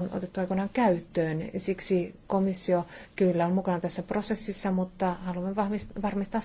on otettu aikoinaan käyttöön. Siksi komissio kyllä on mukana tässä prosessissa, mutta haluamme varmistaa